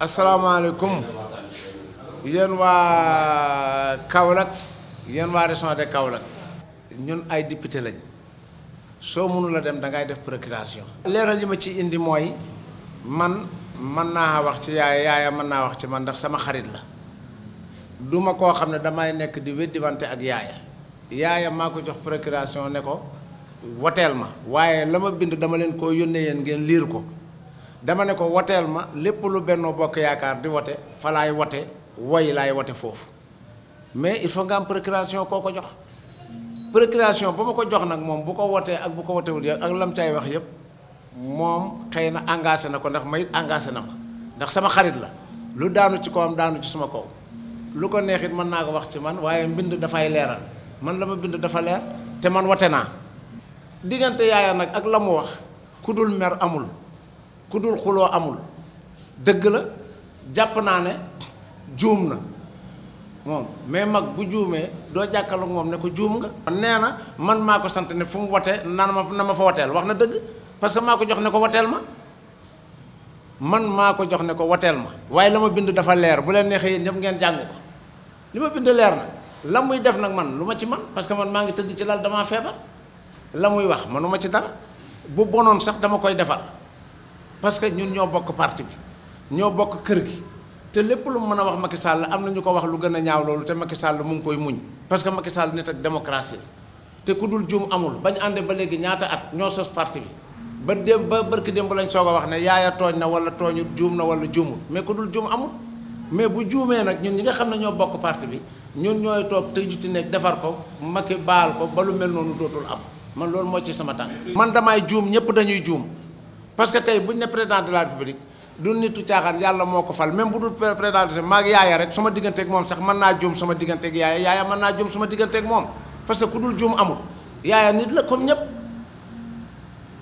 asalaamaaleykum yéen waa Kaolack yéen waa région de ñun ay député lañ soo mënula dem dangay def procuration. leeral yi ma ci indi mooy man mën naa wax ci yaay yaaya mën naa wax ci man ndax sama xarit la koo xam ne damay nekk di weddiwante ak yaaya yaaya maa ko jox procuration ne ko woteel ma waaye la ma bind dama leen koo yónnee yéen ngeen liir ko. dama ne ko woteel ma lépp lu benn Bokk Yaakaar di wote fa laay wote woy laay wote foofu mais il faut nga am procuration koo ko jox procuration ba ma ko jox nag moom bu ko wotee ak bu ko wotewul ak lam caay wax yëpp moom xëy na engagé na ko ndax may engagé na ko ndax sama xarit la lu daanu ci kawam daanu ci suma kaw lu ko neexit mën naa ko wax ci man waaye mbind dafay leeral man la ma bind dafa leer te man wote naa diggante yaaya nag ak la mu wax ku dul mer amul ku dul xuloo amul dëgg la jàpp naa ne juum na moom mais mag bu juumee doo jàkkaarloog moom ne ko juum nga. nee na man maa ko sant ne fu mu wote naan ma na ma fa woteel wax na dëgg parce que maa ko jox ne ko woteel ma man maa ko jox ne ko woteel ma. waaye la ma bind dafa leer bu leen neexee yéen ñëpp ngeen jàng ko li ma bind leer na la muy def nag man lu ma ci man parce que man maa ngi tëdd ci lal damaa feebar la muy wax manuma ci dara bu bonoon sax dama koy defar. parce que ñun ñoo bokk parti bi ñoo bokk kër gi te lépp lu mën a wax Macky Sall am na ñu ko wax lu gën a ñaaw loolu te Macky sàll mu ngi koy muñ parce que Macky Sall nit ak démocratie te ku dul juum amul bañ àndee ba léegi ñaata at ñoo sos parti bi ba dem ba barki démb lañ soog a wax ne yaaya tooñ na wala tooñu juum na wala juumul mais ku dul juum amul mais bu juumee nag ñun ñi nga xam ne ñoo bokk parti bi ñun ñooy toog te juti nekk defar ko Macky baal ko ba lu noonu dootul am man loolu moo ci sama tànk man damay ñëpp dañuy juum parce que tey buñ ne président de la république du nitu caaxaan yàlla moo ko fal même bu dul président de maag yaaya rek sama digganteeg moom sax man naa juum sama digganteeg yaaya yaaya naa juum sama digganteeg moom parce que ku dul juum amul yaaya nit la comme ñëpp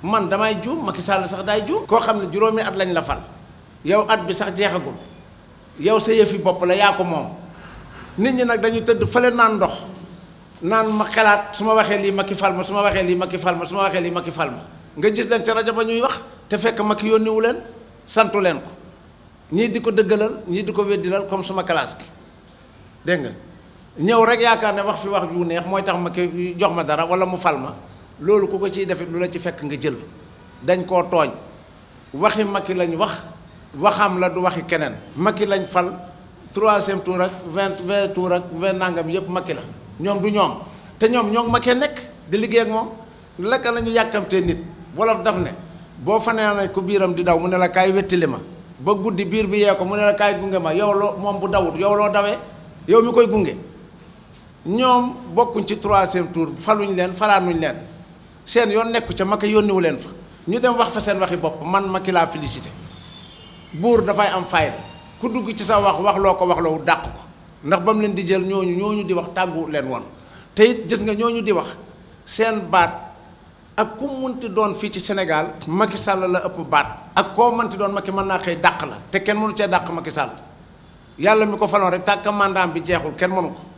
man damay juum Macky sàll sax daay juum. koo xam ne juróomi at lañ la fal yow at bi sax jeexagul yow sa yëfi bopp la yaa ko moom nit ñi nag dañu tëdd fale naan ndox naan ma xalaat su ma waxee lii Macky fal ma su ma waxee lii Macky fal ma su ma waxee lii Macky fal nga gis leen ca rajo ba ñuy wax te fekk mag yónniwu leen santu leen ko ñii di ko dëggalal ñii di ko weddilal comme suma classe gi dégg nga ñëw rek yaakaar ne wax fi wax ju neex mooy tax ma ki jox ma dara wala mu fal ma loolu ku ko ciy defit lu la ci fekk nga jël dañ koo tooñ waxi Macky lañ wax waxam la du waxi keneen Macky lañ fal troisième tour ak vingt vingt tour ak vingt nangam yëpp Macky la ñoom du ñoom te ñoom ñoo Macky nekk di liggéey moom laka la ñu yàkkamtee nit wolof daf ne boo fanaanee ku biiram di daw mu ne la kaay wettili ma ba guddi biir bi yee ko mu ne la kaay gunge ma yow loo moom bu dawut yow loo dawee yow mi koy gunge ñoom bokkuñ ci troisième tour faluñ leen falaanuñ leen seen yoon nekku ca Macky yónniwu leen fa ñu dem wax fa seen waxi bopp man Macky laa félicité buur dafay am fayda ku dugg ci sa wax wax loo ko wax loo dàq ko ndax ba mu leen di jël ñooñu ñooñu di wax tàggu leen woon te it gis nga ñooñu di wax seen baat ak ku munti doon fii ci Sénégal Macky sàll la ëpp baat ak koo mënti doon Macky mën naa xëy dàq la te kenn mënu cee dàq Macky sàll yàlla mi ko faloon rek tàkk mandaam bi jeexul kenn mënu ko